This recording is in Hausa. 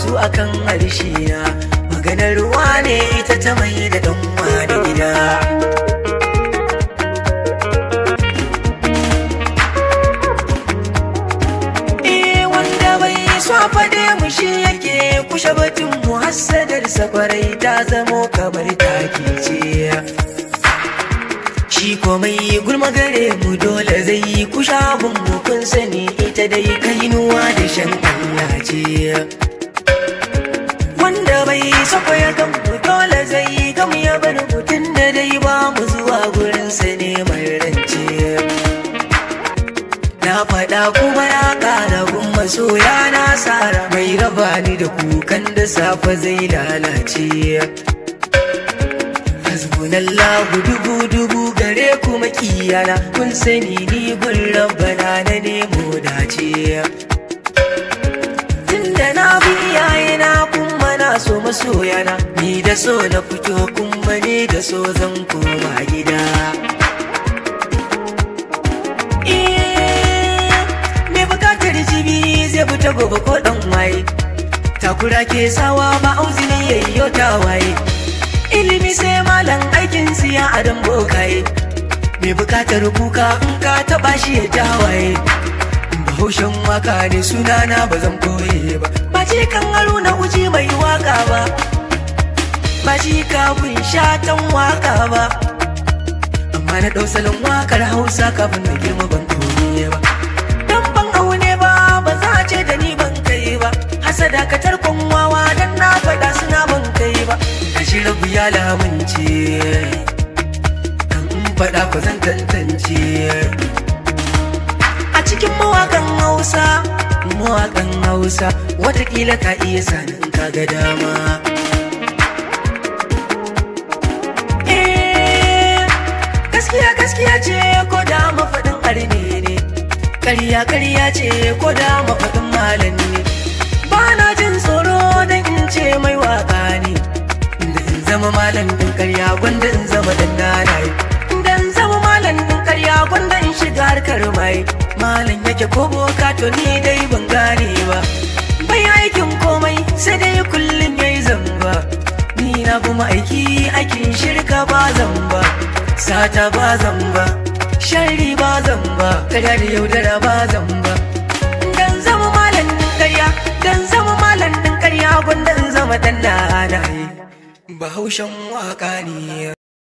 su akan harshe na maganar ruwa ne ita ta mai da dan da gida eh wanda bai so mu shi yake kushe batun mu hasadar safarai ta zamo kamar ta ke ce shi komai gulma gare mu dole zai yi kusha mu kun sani ita dai kainuwa da shan Allah ce na faɗa kuma ya ƙara kuma masoya na sara mai raba ni da kukan da safe zai lalace hasbunallahu dubu dubu gare kuma kiyana kun sani ni gun raba na nemo dace tunda na biya iyayena kuma na so masoyana ni da so na fito kuma ne da so zan koma gida ta gobe ko dan waye takura ke sawa ba auzini yayyo ta waye ilimi sai malam aikin siya a adam bokaye mai bukatar kuka in ka taba shi ya ta waye bahaushen waka ne sunana ba zan koye ba ba ce kan na uji mai waka ba ba shi kafin shatan waka ba amma na ɗau salon wakar hausa kafin na girma ban dakatar kwanwawa dan na faɗa suna ban kai ba ka shi rabu ya lamunce kan faɗa ku zan tantance a cikin mawakan hausa mawakan hausa watakila ka iya sanin ka ga dama eh, gaskiya gaskiya ce ko da mafaɗin ƙarni ne ƙarya ƙarya ce ko da mafaɗin malam ne jin tsoro da in ce mai waka ne da in zama malam din karya gwanda in zama dan nanaye da in zama malam din karya gwanda in shiga harkar mai malam yake ko boka to ni dai ban gane ba bai aikin komai sai dai kullum yayi zamba ni na bi aiki aikin shirka ba zamba sata ba zamba shari ba zamba kada da yaudara ba zamba Bahaushen waƙa ne.